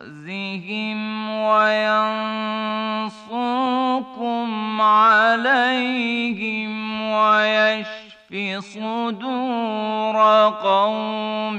يخزهم وَيَنصُرْكُمْ عَلَيْهِمْ وَيَشْفِ صُدُورَ قَوْمٍ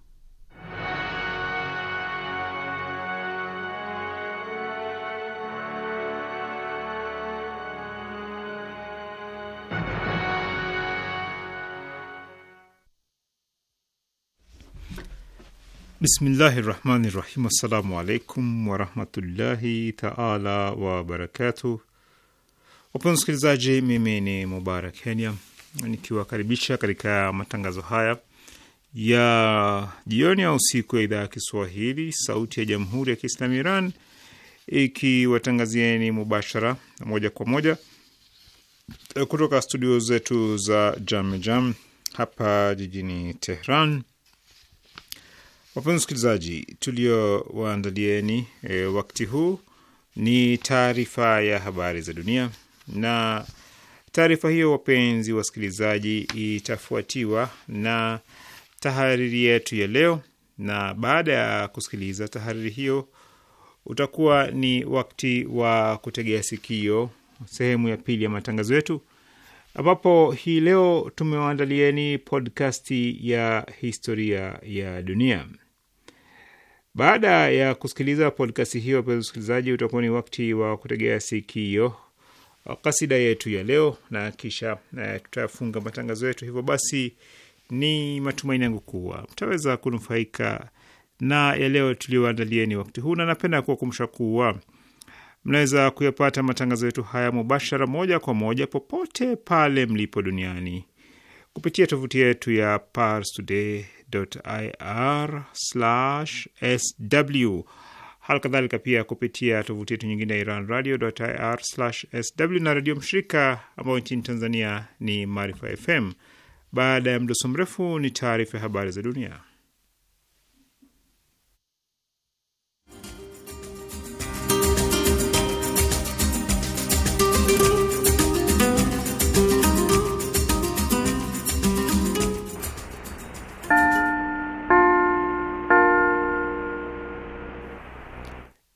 Bismillahi rahmani rahim. Assalamu alaikum warahmatullahi taala wabarakatu Wapenzi msikilizaji mimi ni Mubarak Kenya nikiwakaribisha katika matangazo haya ya jioni au usiku ya idhaa ya Kiswahili sauti ya jamhuri ya Kiislamu Iran ikiwatangazieni mubashara moja kwa moja kutoka studio zetu za Jamjam Jam hapa jijini Tehran Wapenzi wasikilizaji, tuliowaandalieni e, wakati huu ni taarifa ya habari za dunia, na taarifa hiyo wapenzi wasikilizaji, itafuatiwa na tahariri yetu ya leo, na baada ya kusikiliza tahariri hiyo utakuwa ni wakati wa kutegea sikio sehemu ya pili ya matangazo yetu, ambapo hii leo tumewaandalieni podkasti ya historia ya dunia. Baada ya kusikiliza podkasti hiyo, wapenzi usikilizaji, utakuwa ni wakati wa kutegea sikio uh, kasida yetu ya leo na kisha uh, tutafunga matangazo yetu. Hivyo basi, ni matumaini yangu kuwa mtaweza kunufaika na ya leo tulioandalieni wakati huu, na napenda kuwakumbusha kuwa mnaweza kuyapata matangazo yetu haya mubashara, moja kwa moja, popote pale mlipo duniani kupitia tovuti yetu ya Pars Today ir sw. Hali kadhalika pia kupitia tovuti yetu nyingine ya Iran radio ir sw na redio mshirika ambayo nchini Tanzania ni Maarifa FM. Baada ya mdoso mrefu ni taarifa ya habari za dunia.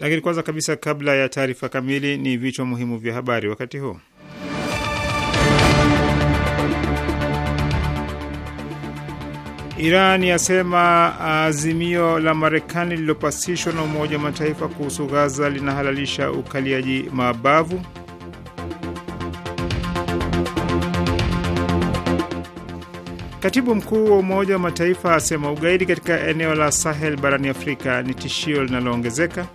Lakini kwanza kabisa, kabla ya taarifa kamili, ni vichwa muhimu vya habari wakati huu. Iran yasema azimio la Marekani lililopasishwa na Umoja wa Mataifa kuhusu Gaza linahalalisha ukaliaji mabavu. Katibu mkuu wa Umoja wa Mataifa asema ugaidi katika eneo la Sahel barani Afrika ni tishio linaloongezeka.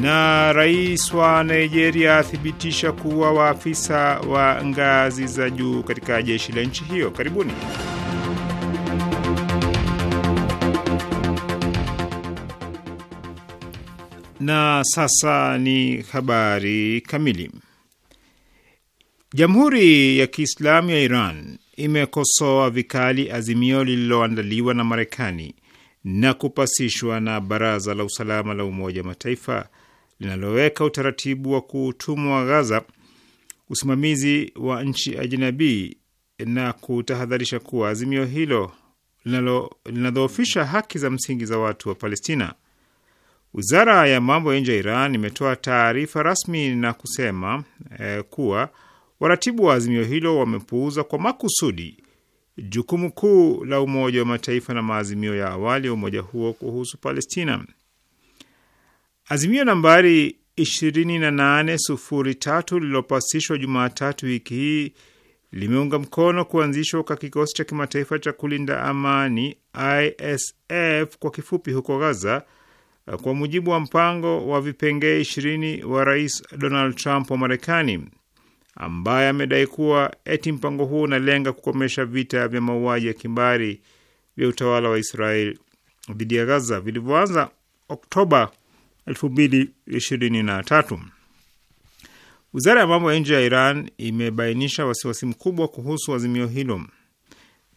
na rais wa Nigeria athibitisha kuwa waafisa wa ngazi za juu katika jeshi la nchi hiyo. Karibuni. Na sasa ni habari kamili. Jamhuri ya Kiislamu ya Iran imekosoa vikali azimio lililoandaliwa na Marekani na kupasishwa na Baraza la Usalama la Umoja wa Mataifa linaloweka utaratibu wa kutumwa Gaza usimamizi wa nchi ajinabii na kutahadharisha kuwa azimio hilo linadhoofisha haki za msingi za watu wa Palestina. Wizara ya mambo ya nje ya Iran imetoa taarifa rasmi na kusema eh, kuwa waratibu wa azimio hilo wamepuuza kwa makusudi jukumu kuu la Umoja wa Mataifa na maazimio ya awali ya umoja huo kuhusu Palestina. Azimio nambari 2803 lililopasishwa Jumatatu wiki hii limeunga mkono kuanzishwa kwa kikosi cha kimataifa cha kulinda amani ISF kwa kifupi huko Gaza, kwa mujibu wa mpango wa vipengee ishirini wa Rais Donald Trump wa Marekani, ambaye amedai kuwa eti mpango huu unalenga kukomesha vita vya mauaji ya kimbari vya utawala wa Israel dhidi ya Gaza vilivyoanza Oktoba 2023. Wizara ya mambo ya nje ya Iran imebainisha wasiwasi mkubwa kuhusu azimio hilo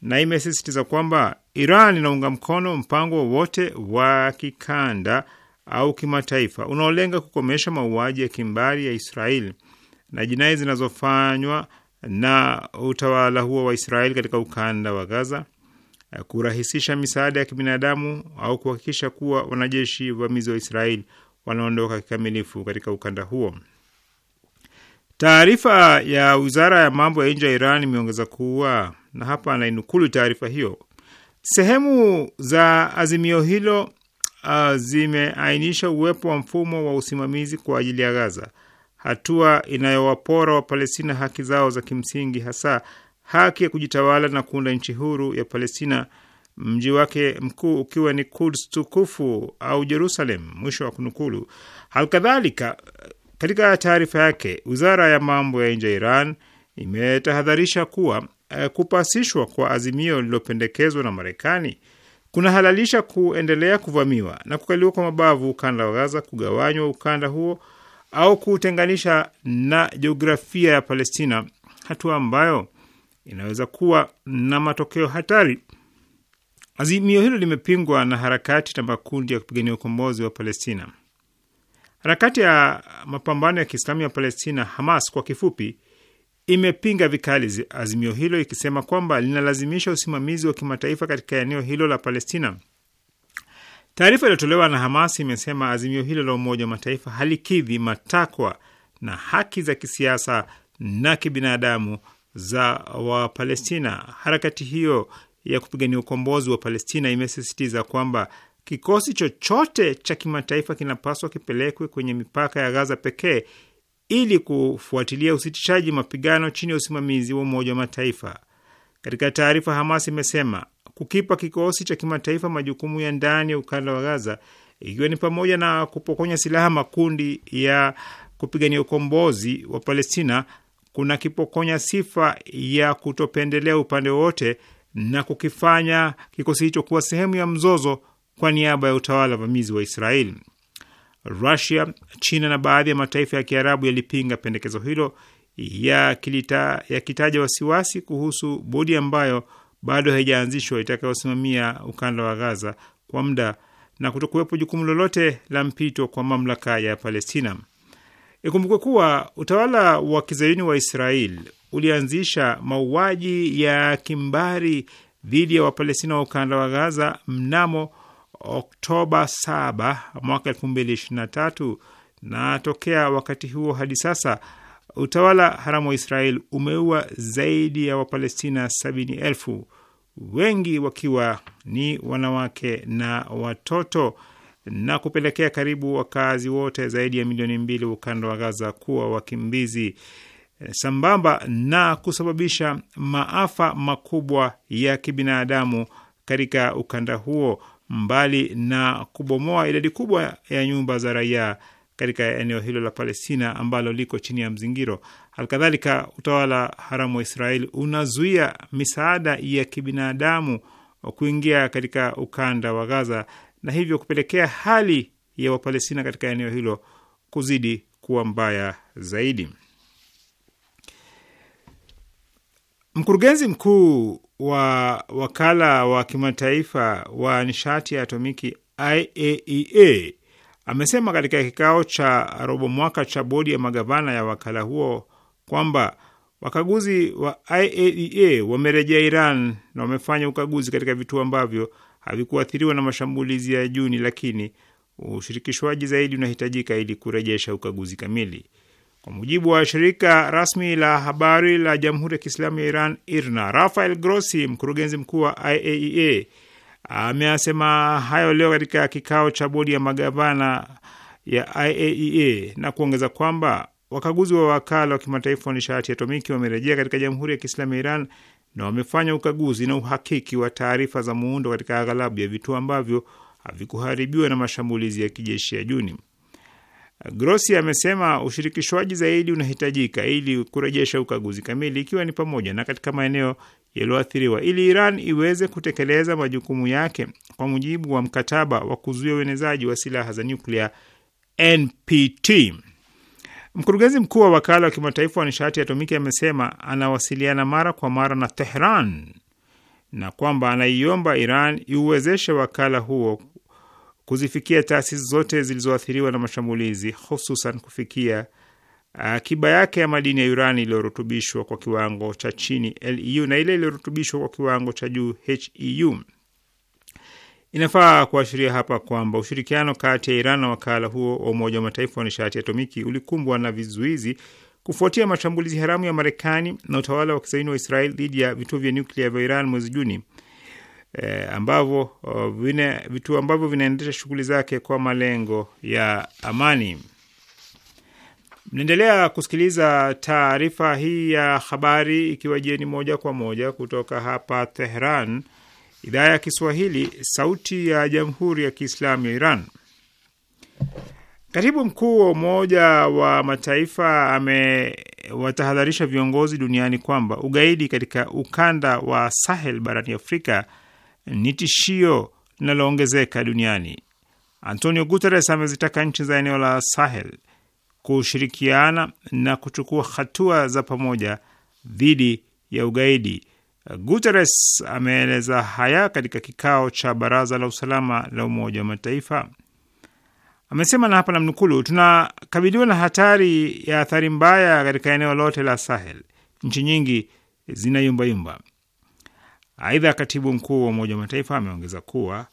na imesisitiza kwamba Iran inaunga mkono mpango wowote wa kikanda au kimataifa unaolenga kukomesha mauaji ya kimbari ya Israel na jinai zinazofanywa na utawala huo wa Israel katika ukanda wa Gaza Eh, kurahisisha misaada ya kibinadamu au kuhakikisha kuwa wanajeshi vamizi wa Israeli wanaondoka kikamilifu katika ukanda huo. Taarifa ya wizara ya mambo ya nje ya Iran imeongeza kuwa, na hapa anainukulu taarifa hiyo, sehemu za azimio hilo uh, zimeainisha uwepo wa mfumo wa usimamizi kwa ajili ya Gaza, hatua inayowapora Wapalestina haki zao za kimsingi, hasa haki ya kujitawala na kuunda nchi huru ya Palestina, mji wake mkuu ukiwa ni Kuds tukufu au Jerusalem. Mwisho wa kunukulu. Halikadhalika, katika taarifa yake, wizara ya mambo ya nje ya Iran imetahadharisha kuwa eh, kupasishwa kwa azimio lililopendekezwa na Marekani kunahalalisha kuendelea kuvamiwa na kukaliwa kwa mabavu ukanda wa Gaza, kugawanywa ukanda huo au kuutenganisha na jiografia ya Palestina, hatua ambayo inaweza kuwa na matokeo hatari. Azimio hilo limepingwa na harakati na makundi ya kupigania ukombozi wa Palestina. Harakati ya mapambano ya Kiislamu ya Palestina, Hamas kwa kifupi, imepinga vikali azimio hilo ikisema kwamba linalazimisha usimamizi wa kimataifa katika eneo hilo la Palestina. Taarifa iliyotolewa na Hamas imesema azimio hilo la Umoja wa Mataifa halikidhi matakwa na haki za kisiasa na kibinadamu za Wapalestina. Harakati hiyo ya kupigania ukombozi wa Palestina imesisitiza kwamba kikosi chochote cha kimataifa kinapaswa kipelekwe kwenye mipaka ya Gaza pekee ili kufuatilia usitishaji mapigano chini ya usimamizi wa Umoja wa Mataifa. Katika taarifa, Hamas imesema kukipa kikosi cha kimataifa majukumu ya ndani ya ukanda wa Gaza, ikiwa ni pamoja na kupokonya silaha makundi ya kupigania ukombozi wa Palestina kuna kipokonya sifa ya kutopendelea upande wowote na kukifanya kikosi hicho kuwa sehemu ya mzozo kwa niaba ya utawala vamizi wa Israeli. Rusia, China na baadhi ya mataifa ya Kiarabu yalipinga pendekezo hilo yakitaja ya wasiwasi kuhusu bodi ambayo bado haijaanzishwa itakayosimamia ukanda wa Gaza kwa muda na kutokuwepo jukumu lolote la mpito kwa mamlaka ya Palestina. Ikumbukwe kuwa utawala wa kizayuni wa Israel ulianzisha mauaji ya kimbari dhidi ya Wapalestina wa ukanda wa Gaza mnamo Oktoba 7 mwaka 2023 na tokea wakati huo hadi sasa utawala haramu wa Israel umeua zaidi ya Wapalestina sabini elfu, wengi wakiwa ni wanawake na watoto na kupelekea karibu wakazi wote zaidi ya milioni mbili wa ukanda wa Gaza kuwa wakimbizi eh, sambamba na kusababisha maafa makubwa ya kibinadamu katika ukanda huo, mbali na kubomoa idadi kubwa ya nyumba za raia katika eneo hilo la Palestina ambalo liko chini ya mzingiro. Halikadhalika, utawala haramu wa Israeli unazuia misaada ya kibinadamu kuingia katika ukanda wa Gaza na hivyo kupelekea hali ya Wapalestina katika eneo hilo kuzidi kuwa mbaya zaidi. Mkurugenzi mkuu wa wakala wa kimataifa wa nishati ya atomiki IAEA e amesema katika kikao cha robo mwaka cha bodi ya magavana ya wakala huo kwamba wakaguzi wa IAEA e wamerejea Iran na wamefanya ukaguzi katika vituo ambavyo havikuathiriwa na mashambulizi ya Juni, lakini ushirikishwaji zaidi unahitajika ili kurejesha ukaguzi kamili. Kwa mujibu wa shirika rasmi la habari la Jamhuri ya Kiislamu ya Iran, IRNA, Rafael Grossi, mkurugenzi mkuu wa IAEA, e ameasema hayo leo katika kikao cha bodi ya magavana ya IAEA e na kuongeza kwamba wakaguzi wa wakala wa kimataifa wa nishati atomiki wamerejea katika Jamhuri ya Kiislamu ya Iran na wamefanya ukaguzi na uhakiki wa taarifa za muundo katika aghalabu ya vituo ambavyo havikuharibiwa na mashambulizi ya kijeshi ya Juni. Grossi amesema ushirikishwaji zaidi unahitajika ili kurejesha ukaguzi kamili, ikiwa ni pamoja na katika maeneo yaliyoathiriwa, ili Iran iweze kutekeleza majukumu yake kwa mujibu wa mkataba wa kuzuia uenezaji wa silaha za nyuklia NPT. Mkurugenzi mkuu wa wakala wa kimataifa wa nishati ya atomiki amesema anawasiliana mara kwa mara na Tehran na kwamba anaiomba Iran iuwezeshe wakala huo kuzifikia taasisi zote zilizoathiriwa na mashambulizi, hususan kufikia uh, akiba yake ya madini ya urani iliyorutubishwa kwa kiwango cha chini LEU na ile iliyorutubishwa kwa kiwango cha juu HEU. Inafaa kuashiria hapa kwamba ushirikiano kati ya Iran na wakala huo wa Umoja wa Mataifa wa nishati atomiki ulikumbwa na vizuizi kufuatia mashambulizi haramu ya Marekani na utawala wa kizaini wa Israel dhidi ya vituo vya nyuklia vya Iran mwezi Juni, e, ambavyo uh, vituo ambavyo vinaendesha shughuli zake kwa malengo ya amani. Mnaendelea kusikiliza taarifa hii ya habari ikiwa jieni moja kwa moja kutoka hapa Tehran, idhaa ya Kiswahili, sauti ya jamhuri ya kiislamu ya Iran. Katibu mkuu wa Umoja wa Mataifa amewatahadharisha viongozi duniani kwamba ugaidi katika ukanda wa Sahel barani Afrika ni tishio linaloongezeka duniani. Antonio Guterres amezitaka nchi za eneo la Sahel kushirikiana na kuchukua hatua za pamoja dhidi ya ugaidi. Guterres ameeleza haya katika kikao cha baraza la usalama la Umoja wa Mataifa. Amesema na hapa namnukulu, tunakabiliwa na hatari ya athari mbaya katika eneo lote la Sahel, nchi nyingi zinayumbayumba. Aidha, katibu mkuu wa Umoja wa Mataifa ameongeza kuwa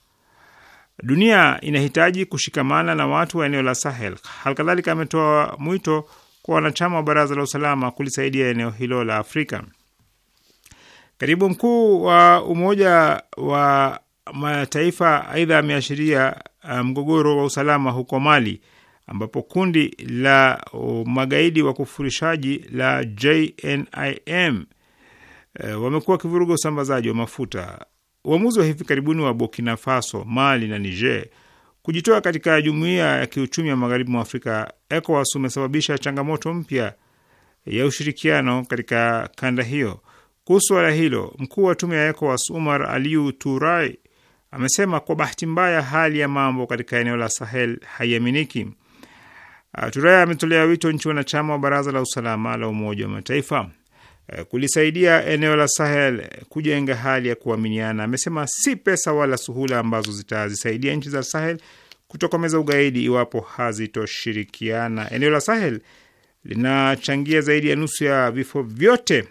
dunia inahitaji kushikamana na watu wa eneo la Sahel. Halikadhalika ametoa mwito kwa wanachama wa baraza la usalama kulisaidia eneo hilo la Afrika. Katibu mkuu wa Umoja wa Mataifa aidha ameashiria uh, mgogoro wa usalama huko Mali ambapo kundi la uh, magaidi wa kufurishaji la JNIM e, uh, wamekuwa wakivuruga usambazaji wa mafuta. Uamuzi wa hivi karibuni wa Burkina Faso, Mali na Niger kujitoa katika jumuiya ya kiuchumi ya magharibi mwa Afrika, ECOWAS, umesababisha changamoto mpya ya ushirikiano katika kanda hiyo. Kuhusu suala hilo, mkuu wa tume ya ECOWAS Umar Aliu Turai amesema kwa bahati mbaya, hali ya mambo katika eneo la Sahel haiaminiki. Ah, Turai ametolea wito nchi wanachama wa Baraza la Usalama la Umoja wa Mataifa eh, kulisaidia eneo la Sahel kujenga hali ya kuaminiana. Amesema si pesa wala suhula ambazo zitazisaidia nchi za Sahel kutokomeza ugaidi iwapo hazitoshirikiana. Eneo la Sahel linachangia zaidi ya nusu ya vifo vyote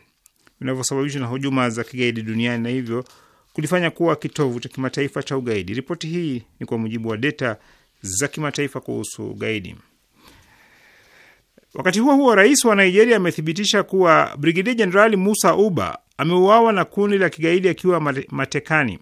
vinavyosababishwa na hujuma za kigaidi duniani na hivyo kulifanya kuwa kitovu cha kimataifa cha ugaidi. Ripoti hii ni kwa mujibu wa data za kimataifa kuhusu ugaidi. Wakati huo huo, rais wa Nigeria amethibitisha kuwa Brigedia Jenerali Musa Uba ameuawa na kundi la kigaidi akiwa matekani.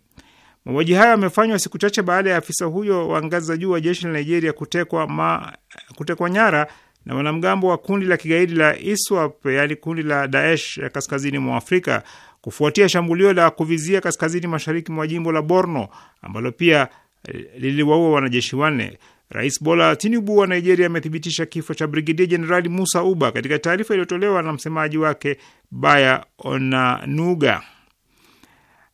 Mauaji hayo amefanywa siku chache baada ya afisa huyo wa ngazi za juu wa jeshi la Nigeria kutekwa, ma, kutekwa nyara na wanamgambo wa kundi la kigaidi la ISWAP, yaani kundi la Daesh ya kaskazini mwa Afrika, kufuatia shambulio la kuvizia kaskazini mashariki mwa jimbo la Borno ambalo pia eh, liliwaua wanajeshi wanne. Rais Bola Tinubu wa Nigeria amethibitisha kifo cha Brigedia Jenerali Musa Uba katika taarifa iliyotolewa na msemaji wake Baya Onanuga.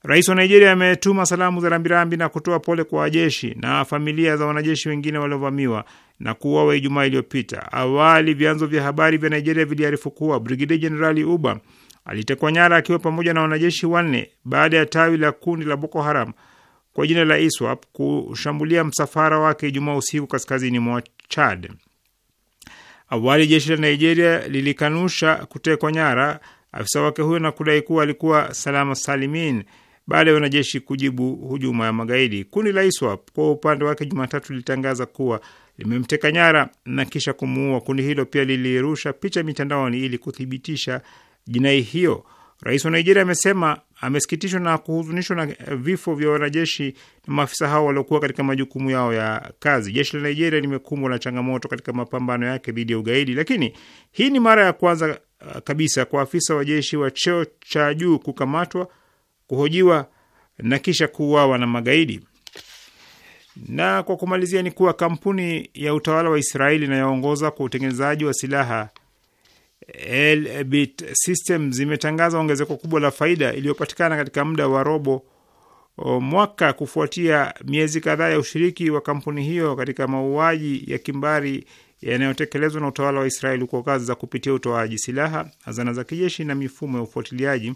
Rais wa Nigeria ametuma salamu za rambirambi na kutoa pole kwa wajeshi na familia za wanajeshi wengine waliovamiwa na kuuawa Ijumaa iliyopita. Awali vyanzo vya habari vya Nigeria viliarifu kuwa Brigedia Jenerali Uba alitekwa nyara akiwa pamoja na wanajeshi wanne baada ya tawi la kundi la Boko Haram kwa jina la ISWAP kushambulia msafara wake Ijumaa usiku kaskazini mwa Chad. Awali jeshi la Nigeria lilikanusha kutekwa nyara afisa wake huyo na kudai kuwa alikuwa salama salimin baada ya wanajeshi kujibu hujuma ya magaidi. Kundi la ISWAP kwa upande wake Jumatatu lilitangaza kuwa limemteka nyara na kisha kumuua. Kundi hilo pia lilirusha picha mitandaoni ili kuthibitisha jinai hiyo. Rais wa Nigeria amesema amesikitishwa na kuhuzunishwa na vifo vya wanajeshi na maafisa hao waliokuwa katika majukumu yao ya kazi. Jeshi la Nigeria limekumbwa na changamoto katika mapambano yake dhidi ya ugaidi, lakini hii ni mara ya kwanza uh, kabisa kwa afisa wa jeshi wa cheo cha juu kukamatwa kuhojiwa na kisha kuuawa na magaidi. Na kwa kumalizia ni kuwa kampuni ya utawala wa Israeli inayoongoza kwa utengenezaji wa silaha Elbit Systems zimetangaza ongezeko kubwa la faida iliyopatikana katika muda wa robo mwaka kufuatia miezi kadhaa ya ushiriki wa kampuni hiyo katika mauaji ya kimbari yanayotekelezwa na utawala wa Israeli kwa kazi za kupitia utoaji silaha, hazana za kijeshi na mifumo ya ufuatiliaji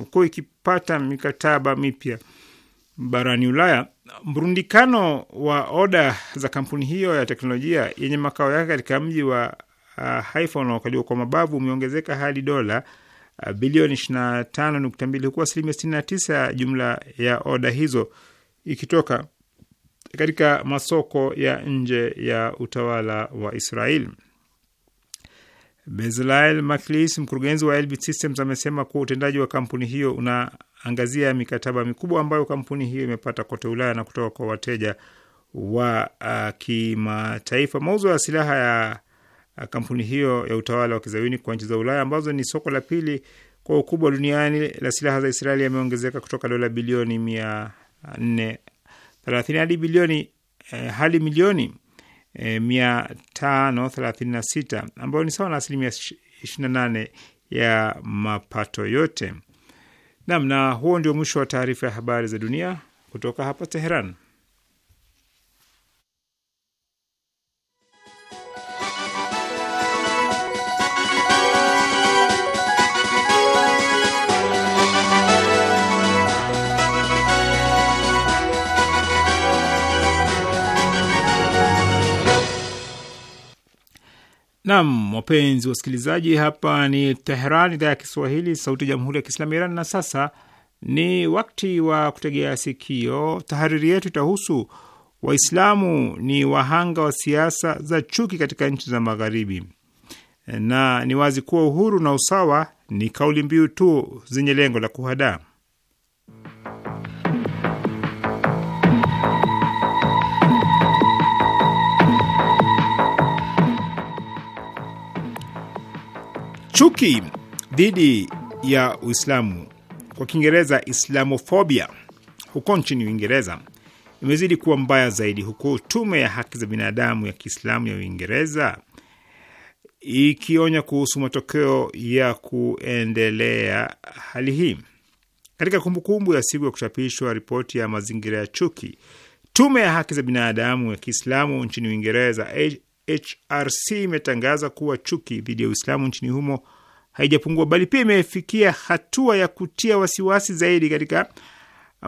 imekuwa ikipata mikataba mipya barani Ulaya. Mrundikano wa oda za kampuni hiyo ya teknolojia yenye makao yake katika mji wa uh, Haifa unaokaliwa kwa mabavu umeongezeka hadi dola uh, bilioni 25.2 huku asilimia 69 ya jumla ya oda hizo ikitoka katika masoko ya nje ya utawala wa Israeli. Bezlael Maklis, mkurugenzi wa Elbit Systems, amesema kuwa utendaji wa kampuni hiyo unaangazia mikataba mikubwa ambayo kampuni hiyo imepata kote Ulaya na kutoka kwa wateja wa uh, kimataifa. Mauzo ya silaha ya uh, kampuni hiyo ya utawala wa kizawini kwa nchi za Ulaya ambazo ni soko la pili kwa ukubwa duniani la silaha za Israeli yameongezeka kutoka dola bilioni mia nne thelathini hadi bilioni eh, hadi milioni 536 eh, ambayo ni sawa na asilimia 28 ya mapato yote. Nam, na huo ndio mwisho wa taarifa ya habari za dunia kutoka hapa Teheran. Nam, wapenzi wasikilizaji, hapa ni teheran idhaa ya Kiswahili, sauti ya jamhuri ya kiislamu ya Iran. Na sasa ni wakati wa kutegea sikio. Tahariri yetu itahusu Waislamu ni wahanga wa siasa za chuki katika nchi za Magharibi, na ni wazi kuwa uhuru na usawa ni kauli mbiu tu zenye lengo la kuhadaa. Chuki dhidi ya Uislamu, kwa Kiingereza islamofobia, huko nchini Uingereza imezidi kuwa mbaya zaidi, huku tume ya haki za binadamu ya Kiislamu ya Uingereza ikionya kuhusu matokeo ya kuendelea hali hii. Katika kumbukumbu ya siku ya kuchapishwa ripoti ya mazingira ya chuki, tume ya haki za binadamu ya Kiislamu nchini Uingereza HRC imetangaza kuwa chuki dhidi ya Uislamu nchini humo haijapungua bali pia imefikia hatua ya kutia wasiwasi zaidi katika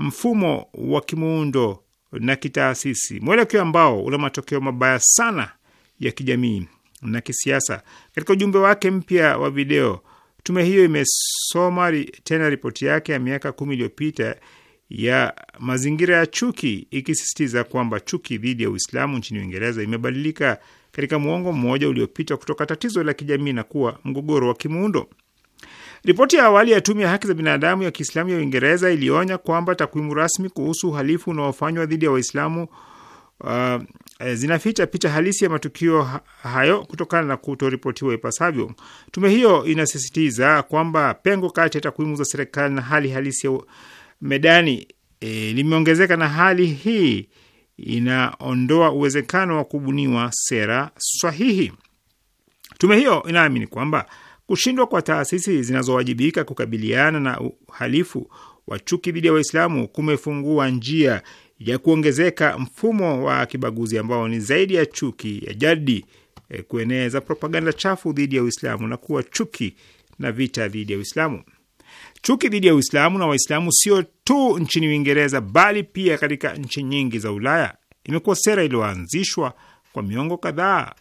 mfumo wa kimuundo na kitaasisi, mwelekeo ambao una matokeo mabaya sana ya kijamii na kisiasa. Katika ujumbe wake mpya wa video, tume hiyo imesoma tena ripoti yake ya miaka kumi iliyopita ya mazingira ya chuki, ikisisitiza kwamba chuki dhidi ya Uislamu nchini Uingereza imebadilika katika muongo mmoja uliopita kutoka tatizo la kijamii na kuwa mgogoro wa kimuundo. Ripoti ya awali ya tume ya haki za binadamu ya Kiislamu ya Uingereza ilionya kwamba takwimu rasmi kuhusu uhalifu unaofanywa dhidi ya Waislamu uh, eh, zinaficha picha halisi ya matukio hayo kutokana na kutoripotiwa ipasavyo. Tume hiyo inasisitiza kwamba pengo kati ya takwimu za serikali na hali halisi ya medani e, limeongezeka na hali hii inaondoa uwezekano wa kubuniwa sera sahihi. Tume hiyo inaamini kwamba kushindwa kwa taasisi zinazowajibika kukabiliana na uhalifu wa chuki dhidi ya Waislamu kumefungua njia ya kuongezeka mfumo wa kibaguzi ambao ni zaidi ya chuki ya jadi, eh, kueneza propaganda chafu dhidi ya Uislamu na kuwa chuki na vita dhidi ya Uislamu. Chuki dhidi ya Uislamu na Waislamu sio tu nchini Uingereza bali pia katika nchi nyingi za Ulaya imekuwa sera iliyoanzishwa kwa miongo kadhaa,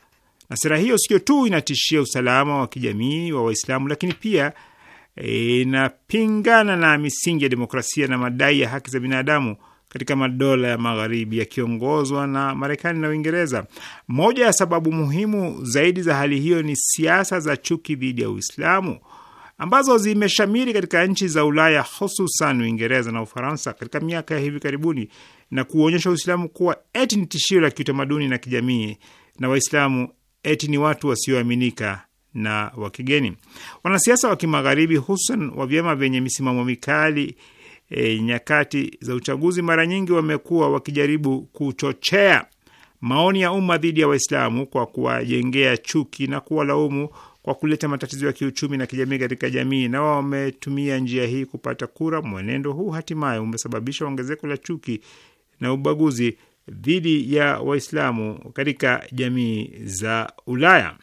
na sera hiyo sio tu inatishia usalama wa kijamii wa Waislamu, lakini pia e, inapingana na misingi ya demokrasia na madai ya haki za binadamu katika madola ya magharibi yakiongozwa na Marekani na Uingereza. Moja ya sababu muhimu zaidi za hali hiyo ni siasa za chuki dhidi ya Uislamu ambazo zimeshamiri katika nchi za Ulaya hususan Uingereza na Ufaransa katika miaka ya hivi karibuni na kuonyesha Uislamu kuwa eti ni tishio la kiutamaduni na kijamii na Waislamu eti ni watu wasioaminika na wa kigeni. Wanasiasa wa kimagharibi hususan wa vyama vyenye misimamo mikali e, nyakati za uchaguzi mara nyingi wamekuwa wakijaribu kuchochea maoni ya umma dhidi ya Waislamu kwa kuwajengea chuki na kuwalaumu kwa kuleta matatizo ya kiuchumi na kijamii katika jamii, na wametumia njia hii kupata kura. Mwenendo huu hatimaye umesababisha ongezeko la chuki na ubaguzi dhidi ya Waislamu katika jamii za Ulaya.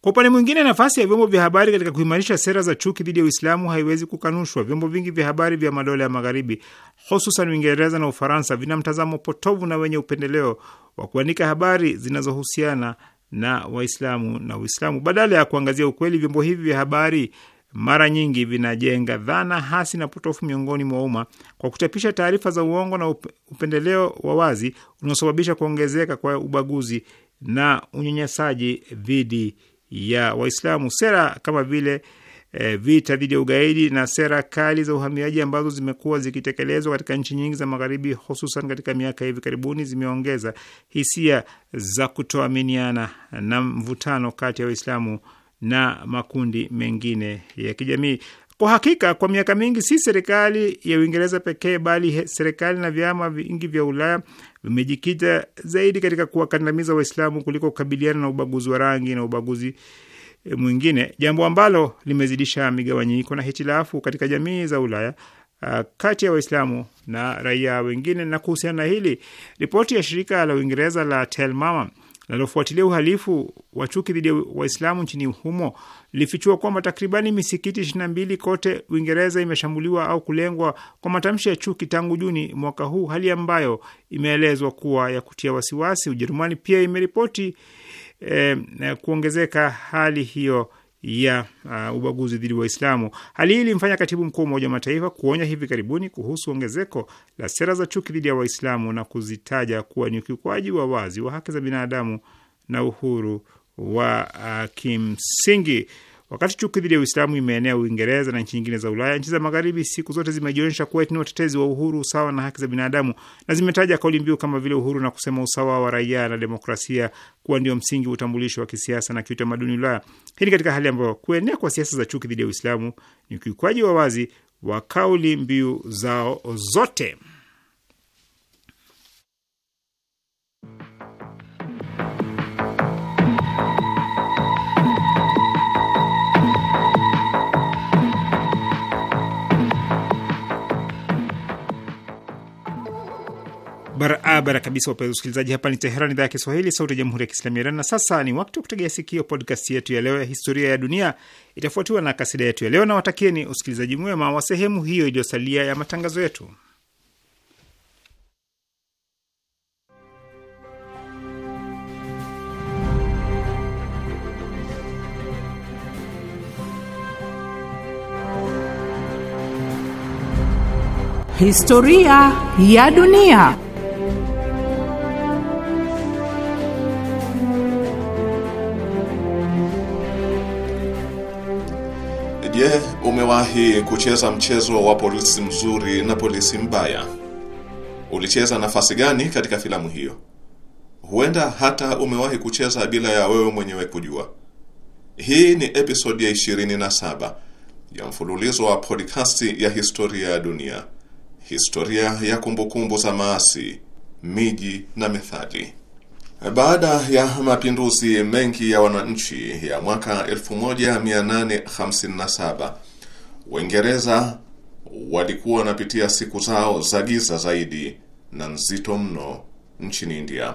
Kwa upande mwingine, nafasi ya vyombo vya habari katika kuimarisha sera za chuki dhidi ya Uislamu haiwezi kukanushwa. Vyombo vingi vya habari vya madola ya Magharibi, hususan Uingereza na Ufaransa, vina mtazamo potovu na wenye upendeleo wa kuandika habari zinazohusiana na Waislamu na Uislamu. Badala ya kuangazia ukweli, vyombo hivi vya habari mara nyingi vinajenga dhana hasi na potofu miongoni mwa umma kwa kuchapisha taarifa za uongo na upendeleo wa wazi unaosababisha kuongezeka kwa ubaguzi na unyanyasaji dhidi ya Waislamu. Sera kama vile e, vita dhidi ya ugaidi na sera kali za uhamiaji ambazo zimekuwa zikitekelezwa katika nchi nyingi za magharibi, hususan katika miaka ya hivi karibuni, zimeongeza hisia za kutoaminiana na mvutano kati ya Waislamu na makundi mengine ya kijamii. Kwa hakika, kwa miaka mingi si serikali ya Uingereza pekee, bali serikali na vyama vingi vya Ulaya vimejikita zaidi katika kuwakandamiza Waislamu kuliko kukabiliana na ubaguzi wa rangi na ubaguzi mwingine, jambo ambalo limezidisha migawanyiko na hitilafu katika jamii za Ulaya uh, kati ya Waislamu na raia wengine. Na kuhusiana na hili, ripoti ya shirika la Uingereza la Telmama linalofuatilia uhalifu wa chuki dhidi ya Waislamu nchini humo lilifichua kwamba takribani misikiti 22 kote Uingereza imeshambuliwa au kulengwa kwa matamshi ya chuki tangu Juni mwaka huu, hali ambayo imeelezwa kuwa ya kutia wasiwasi. Ujerumani pia imeripoti e, kuongezeka hali hiyo ya uh, ubaguzi dhidi Waislamu. Hali hii ilimfanya katibu mkuu wa Umoja wa Mataifa kuonya hivi karibuni kuhusu ongezeko la sera za chuki dhidi ya Waislamu na kuzitaja kuwa ni ukiukwaji wa wazi wa haki za binadamu na uhuru wa uh, kimsingi. Wakati chuki dhidi ya Uislamu imeenea Uingereza na nchi nyingine za Ulaya, nchi za Magharibi siku zote zimejionyesha kuwa ni watetezi wa uhuru, usawa na haki za binadamu, na zimetaja kauli mbiu kama vile uhuru na kusema usawa wa raia na demokrasia kuwa ndio msingi wa utambulisho wa kisiasa na kiutamaduni Ulaya. Hii ni katika hali ambayo kuenea kwa siasa za chuki dhidi ya Uislamu ni ukiukwaji wa wazi wa kauli mbiu zao zote. barabara kabisa, wapenzi wasikilizaji. Hapa ni Teheran, idhaa ya Kiswahili, sauti ya jamhuri ya kiislamu ya Iran. Na sasa ni wakati wa kutegea sikio podcast yetu ya leo ya historia ya dunia, itafuatiwa na kasida yetu ya leo, na watakieni usikilizaji mwema wa sehemu hiyo iliyosalia ya matangazo yetu. Historia ya dunia. Je, umewahi kucheza mchezo wa polisi mzuri na polisi mbaya? Ulicheza nafasi gani katika filamu hiyo? Huenda hata umewahi kucheza bila ya wewe mwenyewe kujua. Hii ni episodi ya 27 ya mfululizo wa podcasti ya historia ya dunia, historia ya kumbukumbu za maasi, miji na methali. Baada ya mapinduzi mengi ya wananchi ya mwaka 1857 Waingereza walikuwa wanapitia siku zao za giza zaidi na nzito mno nchini India.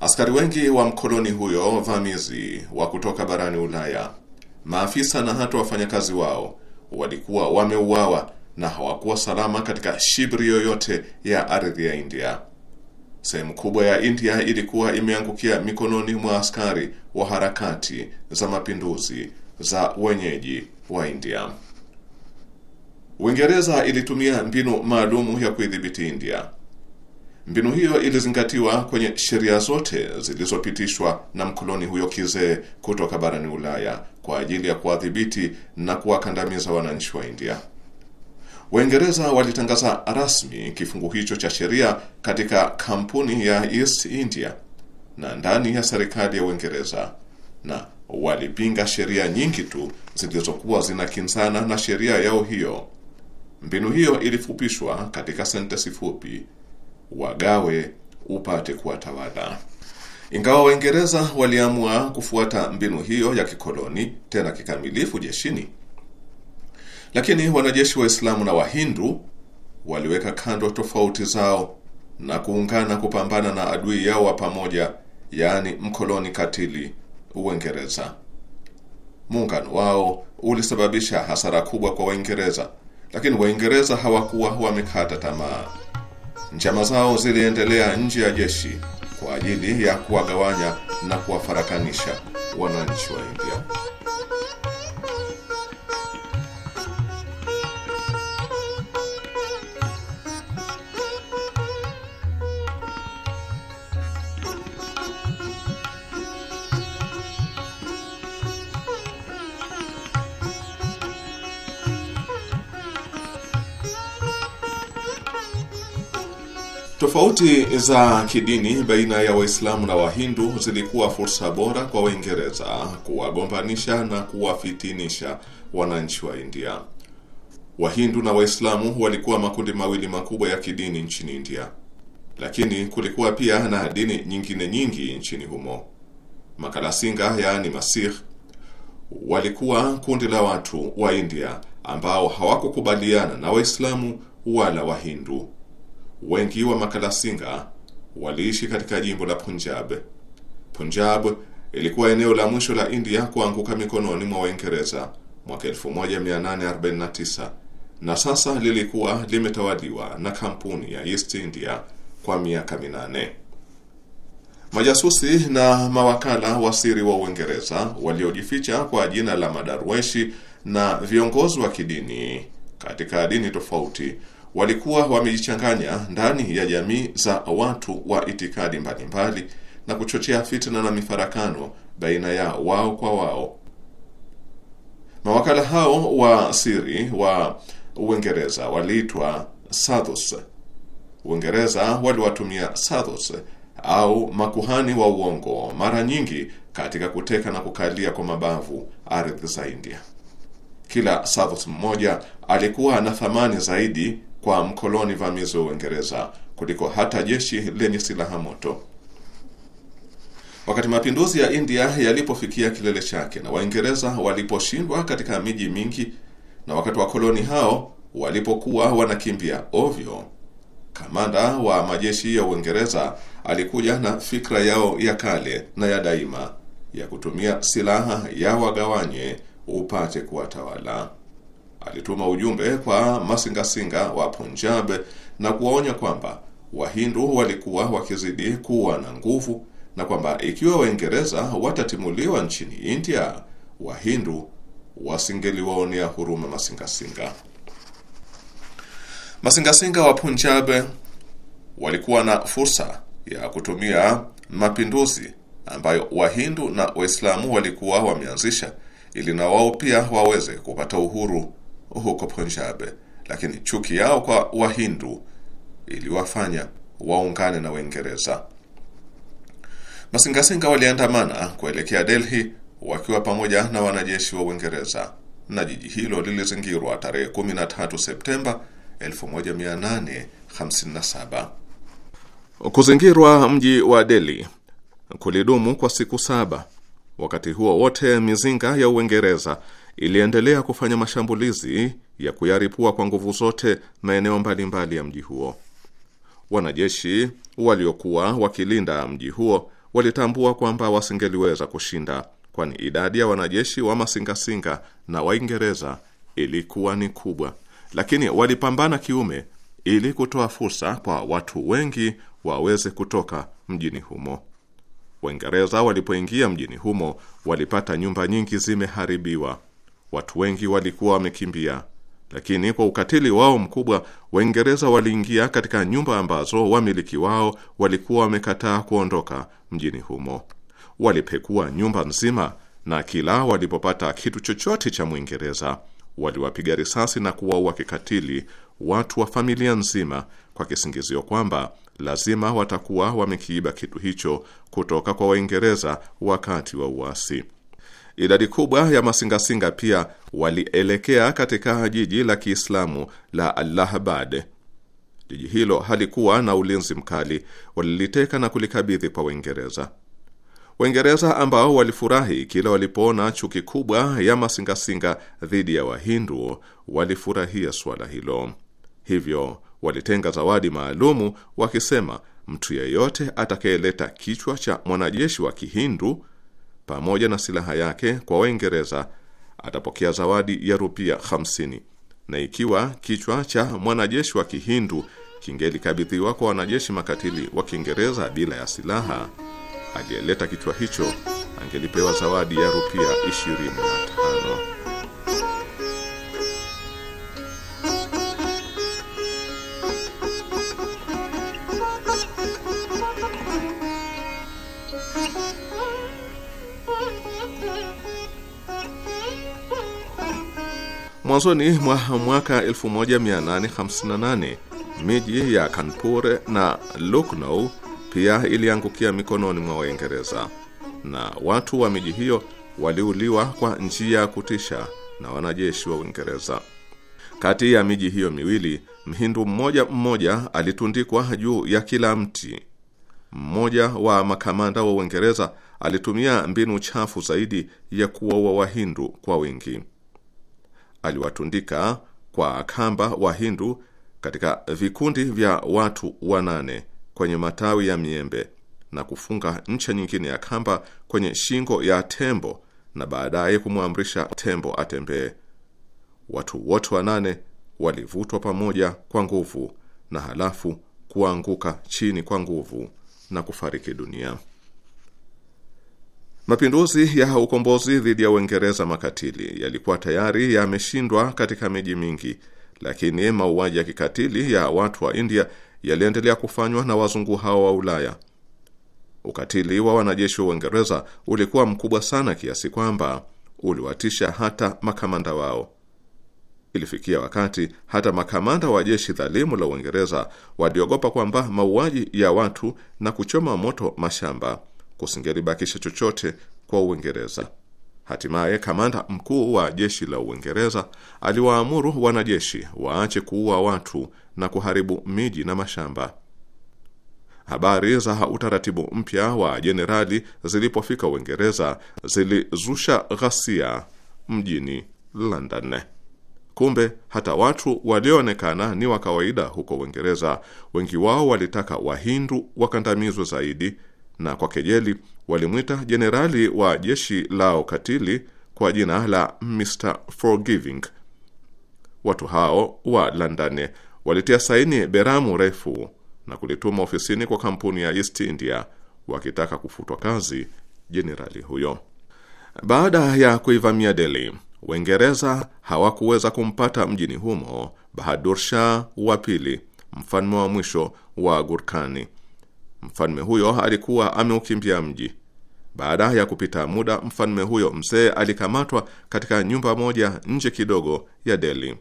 Askari wengi wa mkoloni huyo vamizi wa kutoka barani Ulaya, maafisa na hata wafanyakazi wao walikuwa wameuawa na hawakuwa salama katika shibri yoyote ya ardhi ya India. Sehemu kubwa ya India ilikuwa imeangukia mikononi mwa askari wa harakati za mapinduzi za wenyeji wa India. Uingereza ilitumia mbinu maalumu ya kuidhibiti India. Mbinu hiyo ilizingatiwa kwenye sheria zote zilizopitishwa na mkoloni huyo kizee kutoka barani Ulaya kwa ajili ya kuwadhibiti na kuwakandamiza wananchi wa India. Waingereza walitangaza rasmi kifungu hicho cha sheria katika kampuni ya East India na ndani ya serikali ya Uingereza, na walipinga sheria nyingi tu zilizokuwa zinakinzana na sheria yao hiyo. Mbinu hiyo ilifupishwa katika sentensi fupi, wagawe upate kuwatawala. Ingawa Waingereza waliamua kufuata mbinu hiyo ya kikoloni tena kikamilifu jeshini lakini wanajeshi Waislamu na Wahindu waliweka kando tofauti zao na kuungana kupambana na adui yao wa pamoja, yaani mkoloni katili Uingereza. Muungano wao ulisababisha hasara kubwa kwa Waingereza, lakini Waingereza hawakuwa wamekata tamaa. Njama zao ziliendelea nje ya jeshi kwa ajili ya kuwagawanya na kuwafarakanisha wananchi wa India. Tofauti za kidini baina ya Waislamu na Wahindu zilikuwa fursa bora kwa Waingereza kuwagombanisha na kuwafitinisha wananchi wa India. Wahindu na Waislamu walikuwa makundi mawili makubwa ya kidini nchini India, lakini kulikuwa pia na dini nyingine nyingi nchini humo. Makalasinga, yaani Masikh, walikuwa kundi la watu wa India ambao hawakukubaliana na Waislamu wala Wahindu. Wengi wa Makalasinga waliishi katika jimbo la Punjab. Punjab ilikuwa eneo la mwisho la India kuanguka mikononi mwa Waingereza mwaka 1849 na sasa lilikuwa limetawaliwa na kampuni ya East India kwa miaka minane. Majasusi na mawakala wa siri wa Uingereza waliojificha kwa jina la madarweshi na viongozi wa kidini katika dini tofauti walikuwa wamejichanganya ndani ya jamii za watu wa itikadi mbalimbali na kuchochea fitna na mifarakano baina ya wao kwa wao. Mawakala hao wa siri wa Uingereza waliitwa Sadhus. Uingereza waliwatumia Sadhus au makuhani wa uongo mara nyingi katika kuteka na kukalia kwa mabavu ardhi za India. Kila Sadhus mmoja alikuwa na thamani zaidi kwa mkoloni vamizi wa Uingereza kuliko hata jeshi lenye silaha moto. Wakati mapinduzi ya India yalipofikia kilele chake na Waingereza waliposhindwa katika miji mingi na wakati wakoloni hao walipokuwa wanakimbia ovyo, kamanda wa majeshi ya Uingereza alikuja na fikra yao ya kale na ya daima ya kutumia silaha ya wagawanye upate kuwatawala alituma ujumbe kwa masingasinga wa Punjab na kuwaonya kwamba Wahindu walikuwa wakizidi kuwa na nguvu na kwamba ikiwa Waingereza watatimuliwa nchini India, Wahindu wasingeliwaonea huruma masingasinga. Masingasinga wa Punjab walikuwa na fursa ya kutumia mapinduzi ambayo Wahindu na Waislamu walikuwa wameanzisha ili na wao pia waweze kupata uhuru huko Punjab, lakini chuki yao kwa Wahindu iliwafanya waungane na Waingereza. Masingasinga waliandamana kuelekea Delhi wakiwa pamoja na wanajeshi wa Uingereza, na jiji hilo lilizingirwa tarehe 13 Septemba 1857. Kuzingirwa mji wa Delhi kulidumu kwa siku saba. Wakati huo wote mizinga ya Uingereza iliendelea kufanya mashambulizi ya kuyaripua kwa nguvu zote maeneo mbalimbali ya mji huo. Wanajeshi waliokuwa wakilinda mji huo walitambua kwamba wasingeliweza kushinda, kwani idadi ya wanajeshi wa Masingasinga na Waingereza ilikuwa ni kubwa, lakini walipambana kiume ili kutoa fursa kwa watu wengi waweze kutoka mjini humo. Waingereza walipoingia mjini humo walipata nyumba nyingi zimeharibiwa Watu wengi walikuwa wamekimbia, lakini kwa ukatili wao mkubwa Waingereza waliingia katika nyumba ambazo wamiliki wao walikuwa wamekataa kuondoka mjini humo. Walipekua nyumba nzima na kila walipopata kitu chochote cha Mwingereza waliwapiga risasi na kuwaua kikatili watu wa familia nzima kwa kisingizio kwamba lazima watakuwa wamekiiba kitu hicho kutoka kwa Waingereza wakati wa uasi. Idadi kubwa ya masingasinga pia walielekea katika jiji la Kiislamu la Allahabad. Jiji hilo halikuwa na ulinzi mkali, waliliteka na kulikabidhi kwa Waingereza. Waingereza ambao walifurahi kila walipoona chuki kubwa ya masingasinga dhidi ya Wahindu walifurahia suala hilo, hivyo walitenga zawadi maalumu wakisema, mtu yeyote atakayeleta kichwa cha mwanajeshi wa Kihindu pamoja na silaha yake kwa Waingereza atapokea zawadi ya rupia 50 na ikiwa kichwa cha mwanajeshi wa Kihindu kingelikabidhiwa kwa wanajeshi makatili wa Kiingereza bila ya silaha, aliyeleta kichwa hicho angelipewa zawadi ya rupia 25. Mwanzoni mwa mwaka 1858 miji ya Kanpur na Lucknow pia iliangukia mikononi mwa Waingereza na watu wa miji hiyo waliuliwa kwa njia ya kutisha na wanajeshi wa Uingereza. Kati ya miji hiyo miwili, mhindu mmoja mmoja alitundikwa juu ya kila mti. Mmoja wa makamanda wa Uingereza alitumia mbinu chafu zaidi ya kuwaua Wahindu kwa wingi aliwatundika kwa kamba wa Hindu katika vikundi vya watu wanane kwenye matawi ya miembe na kufunga ncha nyingine ya kamba kwenye shingo ya tembo na baadaye kumwamrisha tembo atembee. Watu wote wanane walivutwa pamoja kwa nguvu na halafu kuanguka chini kwa nguvu na kufariki dunia. Mapinduzi ya ukombozi dhidi ya Uingereza makatili yalikuwa tayari yameshindwa katika miji mingi, lakini mauaji ya kikatili ya watu wa India yaliendelea kufanywa na wazungu hao wa Ulaya. Ukatili wa wanajeshi wa Uingereza ulikuwa mkubwa sana kiasi kwamba uliwatisha hata makamanda wao. Ilifikia wakati hata makamanda wa jeshi dhalimu la Uingereza waliogopa kwamba mauaji ya watu na kuchoma moto mashamba kusingelibakisha chochote kwa Uingereza. Hatimaye kamanda mkuu wa jeshi la Uingereza aliwaamuru wanajeshi waache kuua watu na kuharibu miji na mashamba. Habari za utaratibu mpya wa jenerali zilipofika Uingereza zilizusha ghasia mjini London. Kumbe hata watu walioonekana ni wa kawaida huko Uingereza, wengi wao walitaka Wahindu wakandamizwe zaidi na kwa kejeli walimwita jenerali wa jeshi lao katili kwa jina la Mr Forgiving. Watu hao wa London walitia saini beramu refu na kulituma ofisini kwa kampuni ya East India wakitaka kufutwa kazi jenerali huyo. Baada ya kuivamia Delhi, Waingereza hawakuweza kumpata mjini humo Bahadur Shah wa pili, mfalme wa mwisho wa Gurkani Mfalme huyo alikuwa ameukimbia mji. Baada ya kupita muda, mfalme huyo mzee alikamatwa katika nyumba moja nje kidogo ya Delhi,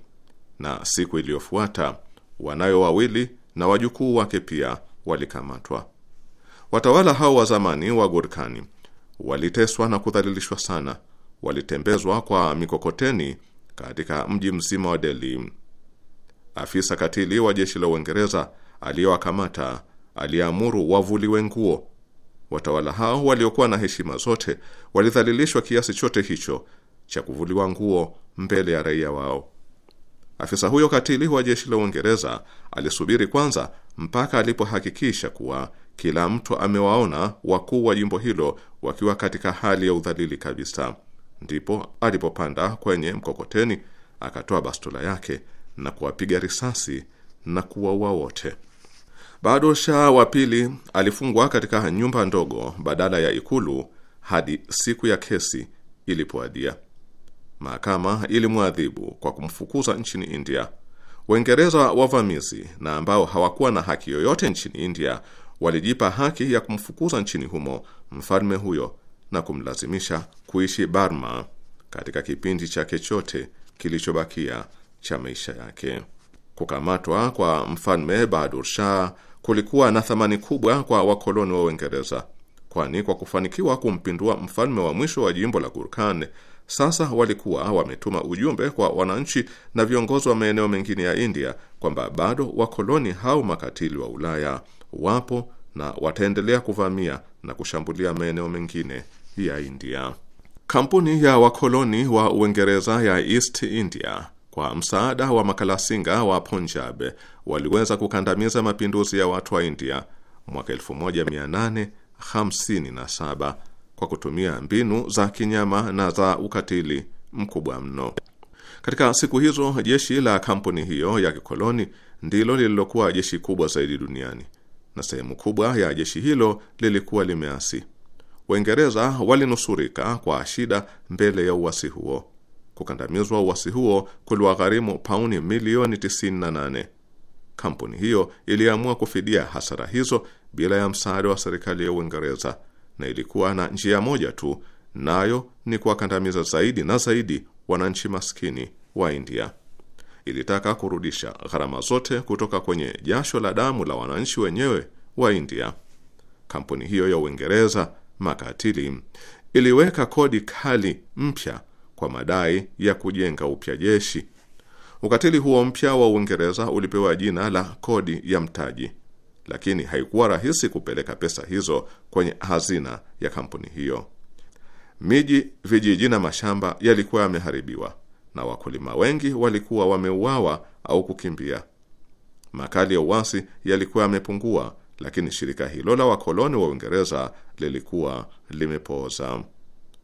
na siku iliyofuata wanayo wawili na wajukuu wake pia walikamatwa. Watawala hao wa zamani wa Gurkani waliteswa na kudhalilishwa sana, walitembezwa kwa mikokoteni katika mji mzima wa Delhi. Afisa katili wa jeshi la Uingereza aliyewakamata aliamuru wavuliwe nguo. Watawala hao waliokuwa na heshima zote walidhalilishwa kiasi chote hicho cha kuvuliwa nguo mbele ya raia wao. Afisa huyo katili wa jeshi la Uingereza alisubiri kwanza mpaka alipohakikisha kuwa kila mtu amewaona wakuu wa jimbo hilo wakiwa katika hali ya udhalili kabisa. Ndipo alipopanda kwenye mkokoteni akatoa bastola yake na kuwapiga risasi na kuwaua wote. Bado Shah wa pili alifungwa katika nyumba ndogo badala ya ikulu hadi siku ya kesi ilipoadia. Mahakama ilimwadhibu kwa kumfukuza nchini India. Waingereza wavamizi na ambao hawakuwa na haki yoyote nchini India walijipa haki ya kumfukuza nchini humo mfalme huyo na kumlazimisha kuishi Burma katika kipindi chake chote kilichobakia cha maisha yake. Kukamatwa kwa mfalme Bahadur Shah kulikuwa na thamani kubwa kwa wakoloni wa Uingereza, kwani kwa kufanikiwa kumpindua mfalme wa mwisho wa jimbo la gurkan sasa walikuwa wametuma ujumbe kwa wananchi na viongozi wa maeneo mengine ya India kwamba bado wakoloni hao makatili wa Ulaya wapo na wataendelea kuvamia na kushambulia maeneo mengine ya India. Kampuni ya wakoloni wa Uingereza ya East India kwa msaada wa makalasinga wa Punjab waliweza kukandamiza mapinduzi ya watu wa India mwaka 1857 kwa kutumia mbinu za kinyama na za ukatili mkubwa mno. Katika siku hizo jeshi la kampuni hiyo ya kikoloni ndilo lililokuwa jeshi kubwa zaidi duniani, na sehemu kubwa ya jeshi hilo lilikuwa limeasi. Waingereza walinusurika kwa shida mbele ya uasi huo. Kukandamizwa uasi huo kuliwagharimu pauni milioni 98. Kampuni hiyo iliamua kufidia hasara hizo bila ya msaada wa serikali ya Uingereza, na ilikuwa na njia moja tu, nayo ni kuwakandamiza zaidi na zaidi wananchi maskini wa India. Ilitaka kurudisha gharama zote kutoka kwenye jasho la damu la wananchi wenyewe wa India. Kampuni hiyo ya Uingereza makatili iliweka kodi kali mpya kwa madai ya kujenga upya jeshi. Ukatili huo mpya wa Uingereza ulipewa jina la kodi ya mtaji, lakini haikuwa rahisi kupeleka pesa hizo kwenye hazina ya kampuni hiyo. Miji, vijiji na mashamba yalikuwa yameharibiwa na wakulima wengi walikuwa wameuawa au kukimbia. Makali ya uasi yalikuwa yamepungua, lakini shirika hilo la wakoloni wa Uingereza lilikuwa limepooza.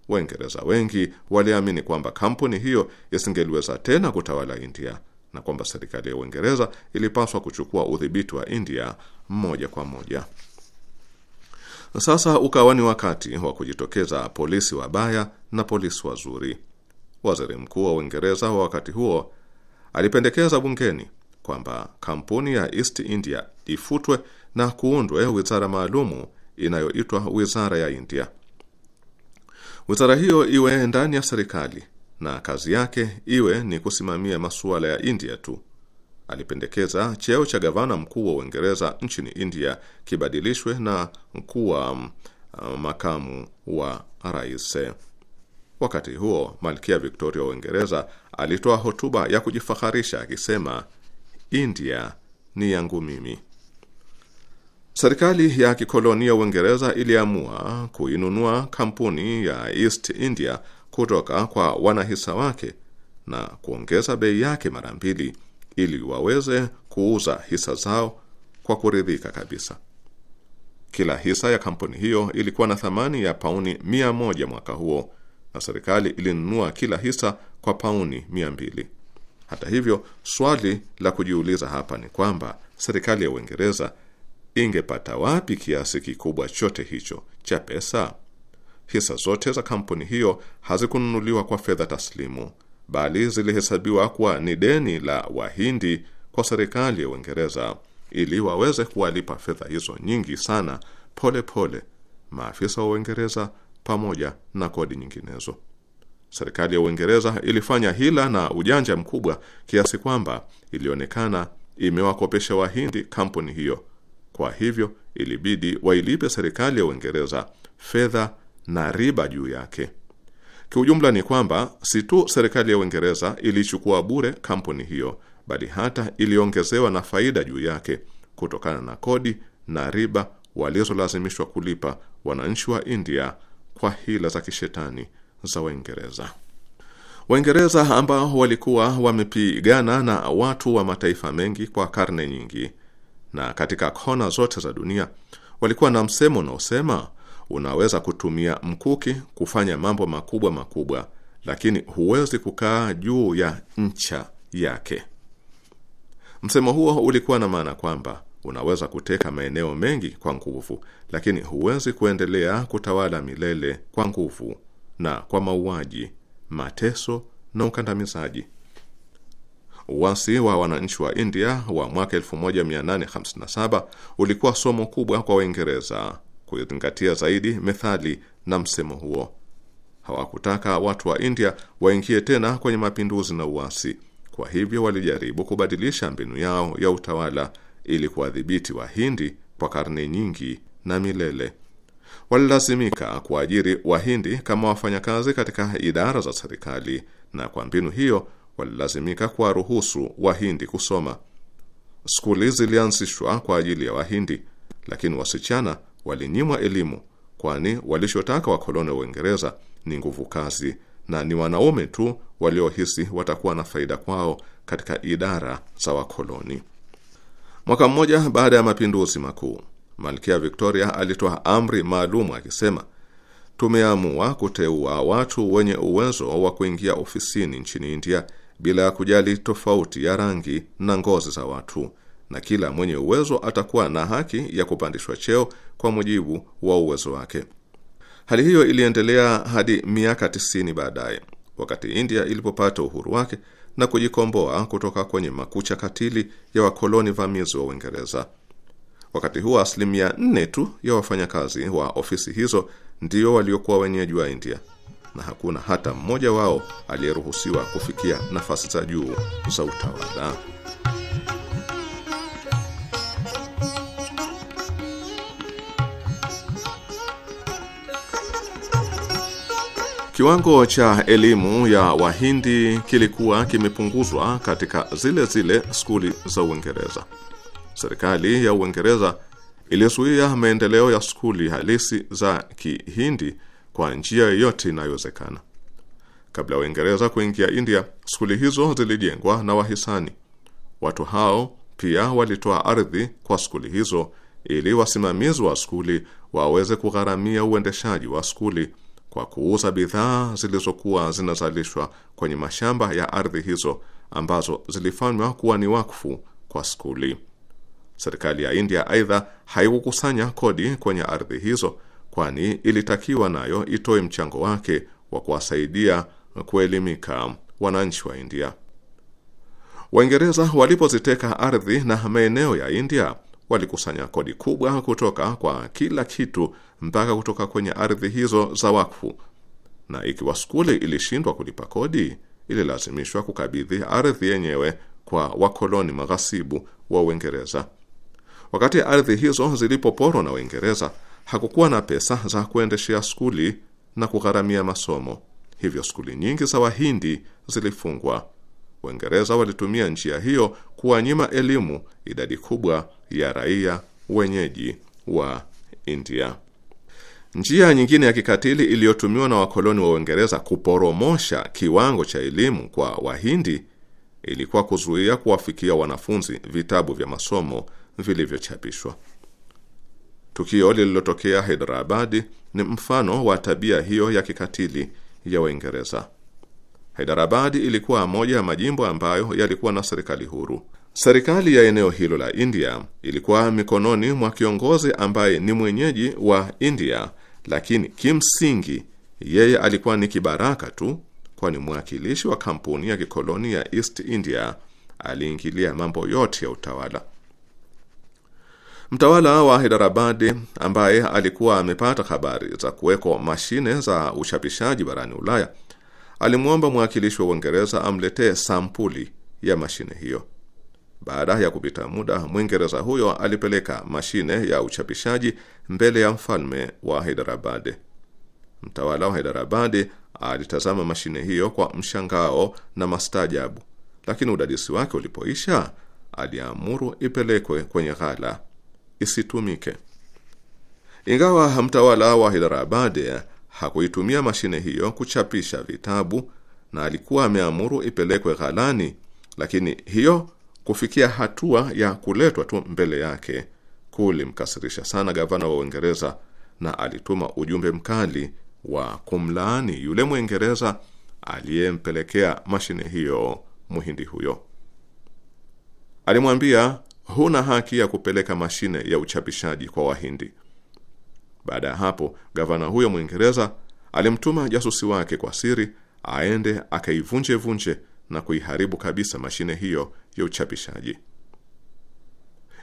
Waingereza wengi waliamini kwamba kampuni hiyo isingeliweza tena kutawala India na kwamba serikali ya Uingereza ilipaswa kuchukua udhibiti wa India moja kwa moja. Sasa ukawa ni wakati wa kujitokeza polisi wabaya na polisi wazuri. Waziri mkuu wa Uingereza wa wakati huo alipendekeza bungeni kwamba kampuni ya East India ifutwe na kuundwe wizara maalumu inayoitwa Wizara ya India. Wizara hiyo iwe ndani ya serikali na kazi yake iwe ni kusimamia masuala ya India tu. Alipendekeza cheo cha gavana mkuu wa Uingereza nchini India kibadilishwe na kuwa um, uh, makamu wa rais. Wakati huo Malkia Victoria wa Uingereza alitoa hotuba ya kujifaharisha akisema, India ni yangu mimi. Serikali ya kikoloni ya Uingereza iliamua kuinunua kampuni ya East India kutoka kwa wanahisa wake na kuongeza bei yake mara mbili ili waweze kuuza hisa zao kwa kuridhika kabisa. Kila hisa ya kampuni hiyo ilikuwa na thamani ya pauni mia moja mwaka huo na serikali ilinunua kila hisa kwa pauni mia mbili. Hata hivyo, swali la kujiuliza hapa ni kwamba serikali ya Uingereza ingepata wapi kiasi kikubwa chote hicho cha pesa? Hisa zote za kampuni hiyo hazikununuliwa kwa fedha taslimu, bali zilihesabiwa kuwa ni deni la Wahindi kwa serikali ya Uingereza ili waweze kuwalipa fedha hizo nyingi sana polepole pole, maafisa wa Uingereza pamoja na kodi nyinginezo. Serikali ya Uingereza ilifanya hila na ujanja mkubwa kiasi kwamba ilionekana imewakopesha Wahindi kampuni hiyo kwa hivyo ilibidi wailipe serikali ya Uingereza fedha na riba juu yake. Kiujumla ni kwamba si tu serikali ya Uingereza ilichukua bure kampuni hiyo, bali hata iliongezewa na faida juu yake kutokana na kodi na riba walizolazimishwa kulipa wananchi wa India kwa hila za kishetani za Waingereza. Waingereza ambao walikuwa wamepigana na watu wa mataifa mengi kwa karne nyingi na katika kona zote za dunia walikuwa na msemo unaosema unaweza kutumia mkuki kufanya mambo makubwa makubwa, lakini huwezi kukaa juu ya ncha yake. Msemo huo ulikuwa na maana kwamba unaweza kuteka maeneo mengi kwa nguvu, lakini huwezi kuendelea kutawala milele kwa nguvu na kwa mauaji, mateso na ukandamizaji. Uwasi wa wananchi wa India wa mwaka 1857 ulikuwa somo kubwa kwa Waingereza kuzingatia zaidi methali na msemo huo. Hawakutaka watu wa India waingie tena kwenye mapinduzi na uasi. Kwa hivyo walijaribu kubadilisha mbinu yao ya utawala ili kuwadhibiti Wahindi kwa karne nyingi na milele. Walilazimika kuajiri Wahindi kama wafanyakazi katika idara za serikali, na kwa mbinu hiyo walilazimika kuwaruhusu Wahindi kusoma. Skuli zilianzishwa kwa ajili ya Wahindi, lakini wasichana walinyimwa elimu, kwani walichotaka wakoloni wa Uingereza ni nguvu kazi na ni wanaume tu waliohisi watakuwa na faida kwao katika idara za wakoloni. Mwaka mmoja baada ya mapinduzi makuu, Malkia Victoria alitoa amri maalumu akisema, tumeamua kuteua watu wenye uwezo wa kuingia ofisini nchini India bila ya kujali tofauti ya rangi na ngozi za watu, na kila mwenye uwezo atakuwa na haki ya kupandishwa cheo kwa mujibu wa uwezo wake. Hali hiyo iliendelea hadi miaka tisini baadaye wakati India ilipopata uhuru wake na kujikomboa kutoka kwenye makucha katili ya wakoloni vamizi wa Uingereza. Wakati huo asilimia nne tu ya wafanyakazi wa ofisi hizo ndio waliokuwa wenyeji wa India na hakuna hata mmoja wao aliyeruhusiwa kufikia nafasi za juu za utawala. Kiwango cha elimu ya Wahindi kilikuwa kimepunguzwa katika zile zile skuli za Uingereza. Serikali ya Uingereza ilizuia maendeleo ya skuli halisi za Kihindi kwa njia yoyote inayowezekana. Kabla ya Uingereza kuingia India, skuli hizo zilijengwa na wahisani. Watu hao pia walitoa ardhi kwa skuli hizo ili wasimamizi wa skuli waweze kugharamia uendeshaji wa skuli kwa kuuza bidhaa zilizokuwa zinazalishwa kwenye mashamba ya ardhi hizo ambazo zilifanywa kuwa ni wakfu kwa skuli. Serikali ya India aidha haikukusanya kodi kwenye ardhi hizo kwani ilitakiwa nayo itoe mchango wake wa kuwasaidia kuelimika wananchi wa India. Waingereza walipoziteka ardhi na maeneo ya India walikusanya kodi kubwa kutoka kwa kila kitu mpaka kutoka kwenye ardhi hizo za wakfu, na ikiwa skuli ilishindwa kulipa kodi, ililazimishwa kukabidhi ardhi yenyewe kwa wakoloni maghasibu wa Uingereza. Wakati ardhi hizo zilipoporwa na Uingereza, hakukuwa na pesa za kuendeshea skuli na kugharamia masomo, hivyo skuli nyingi za Wahindi zilifungwa. Waingereza walitumia njia hiyo kuwanyima elimu idadi kubwa ya raia wenyeji wa India. Njia nyingine ya kikatili iliyotumiwa na wakoloni wa Uingereza kuporomosha kiwango cha elimu kwa Wahindi ilikuwa kuzuia kuwafikia wanafunzi vitabu vya masomo vilivyochapishwa. Tukio lililotokea Hyderabadi ni mfano wa tabia hiyo ya kikatili ya Waingereza. Hyderabadi ilikuwa moja ya majimbo ambayo yalikuwa na serikali huru. Serikali ya eneo hilo la India ilikuwa mikononi mwa kiongozi ambaye ni mwenyeji wa India, lakini kimsingi yeye alikuwa ni kibaraka tu, kwani mwakilishi wa kampuni ya kikoloni ya East India aliingilia mambo yote ya utawala. Mtawala wa Hyderabadi ambaye alikuwa amepata habari za kuwekwa mashine za uchapishaji barani Ulaya alimwomba mwakilishi wa Uingereza amletee sampuli ya mashine hiyo. Baada ya kupita muda, Mwingereza huyo alipeleka mashine ya uchapishaji mbele ya mfalme wa Hyderabadi. Mtawala wa Hyderabadi alitazama mashine hiyo kwa mshangao na mastaajabu, lakini udadisi wake ulipoisha, aliamuru ipelekwe kwenye ghala isitumike. Ingawa mtawala wa Hyderabad hakuitumia mashine hiyo kuchapisha vitabu na alikuwa ameamuru ipelekwe ghalani, lakini hiyo kufikia hatua ya kuletwa tu mbele yake kulimkasirisha sana gavana wa Uingereza, na alituma ujumbe mkali wa kumlaani yule Mwingereza aliyempelekea mashine hiyo Muhindi huyo. Alimwambia huna haki ya kupeleka mashine ya uchapishaji kwa Wahindi. Baada ya hapo, gavana huyo Mwingereza alimtuma jasusi wake kwa siri aende akaivunje vunje na kuiharibu kabisa mashine hiyo ya uchapishaji.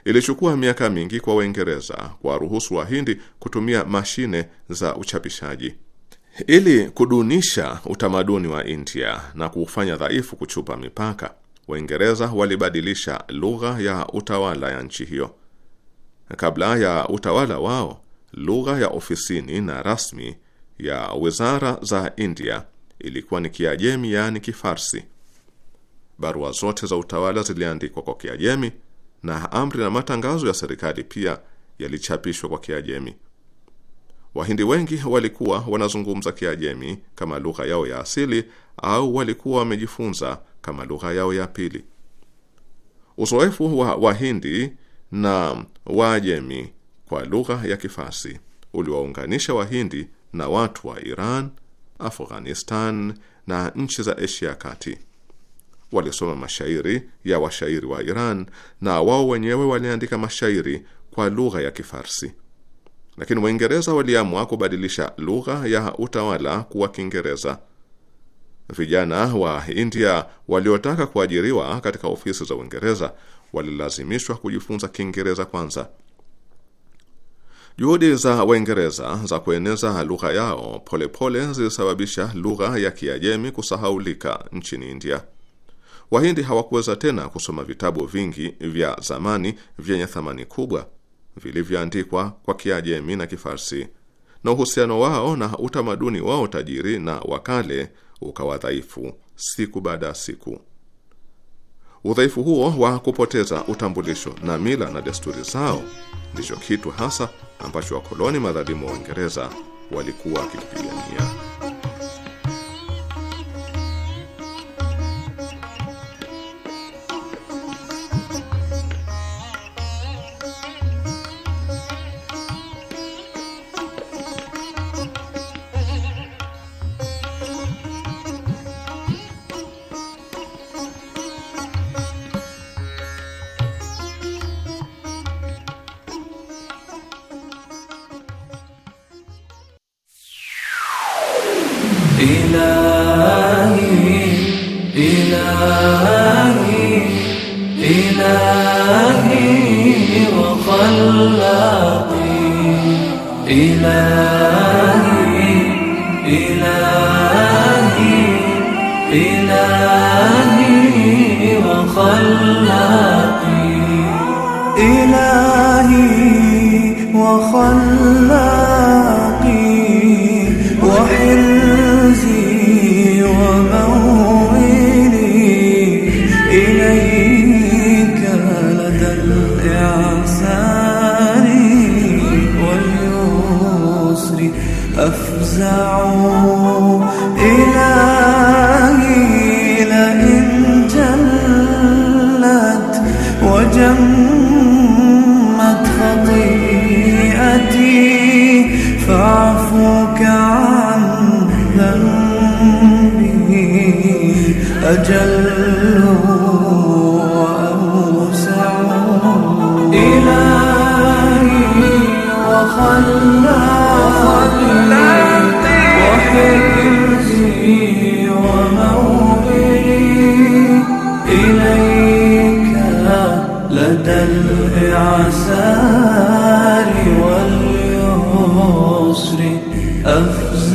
Ilichukua miaka mingi kwa Waingereza kuwaruhusu Wahindi kutumia mashine za uchapishaji ili kudunisha utamaduni wa India na kuufanya dhaifu kuchupa mipaka. Waingereza walibadilisha lugha ya utawala ya nchi hiyo. Kabla ya utawala wao, lugha ya ofisini na rasmi ya wizara za India ilikuwa ni Kiajemi, yaani Kifarsi. Barua zote za utawala ziliandikwa kwa Kiajemi na amri na matangazo ya serikali pia yalichapishwa kwa Kiajemi. Wahindi wengi walikuwa wanazungumza Kiajemi kama lugha yao ya asili au walikuwa wamejifunza kama lugha yao ya pili. Uzoefu wa Wahindi na Wajemi kwa lugha ya Kifasi uliwaunganisha Wahindi na watu wa Iran, Afghanistan na nchi za Asia ya Kati. Walisoma mashairi ya washairi wa Iran na wao wenyewe waliandika mashairi kwa lugha ya Kifarsi. Lakini Waingereza waliamua kubadilisha lugha ya utawala kuwa Kiingereza Vijana wa India waliotaka kuajiriwa katika ofisi za Uingereza walilazimishwa kujifunza Kiingereza kwanza. Juhudi za Waingereza za kueneza lugha yao polepole zilisababisha lugha ya Kiajemi kusahaulika nchini India. Wahindi hawakuweza tena kusoma vitabu vingi vya zamani vyenye thamani kubwa vilivyoandikwa kwa Kiajemi na Kifarsi, na uhusiano wao na utamaduni wao tajiri na wakale ukawa dhaifu siku baada ya siku. Udhaifu huo wa kupoteza utambulisho na mila na desturi zao ndicho kitu hasa ambacho wakoloni madhalimu wa Uingereza walikuwa wakikipigania. إلهي إلهي إلهي وخلاقي إلهي إلهي إلهي وخلقي إلهي وخلاقي تدعو إلهي جلت وجمت خطيئتي فاعفوك عن ذنبي أجل وأوسع إلهي عزي وموطني إليك لدى الإعسار واليسر أفزع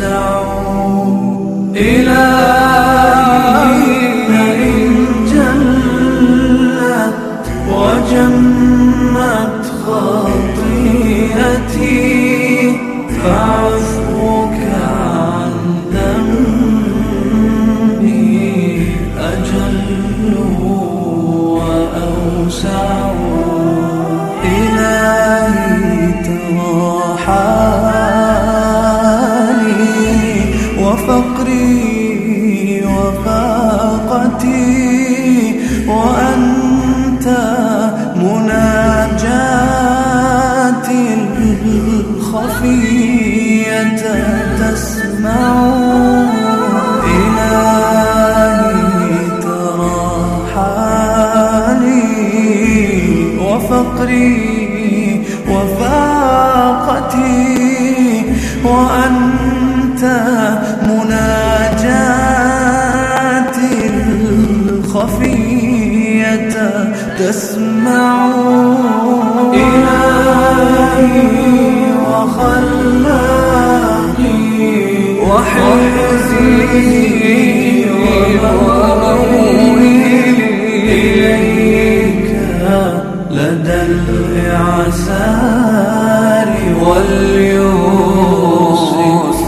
وخلاني إليك لدى الإعسار واليوسف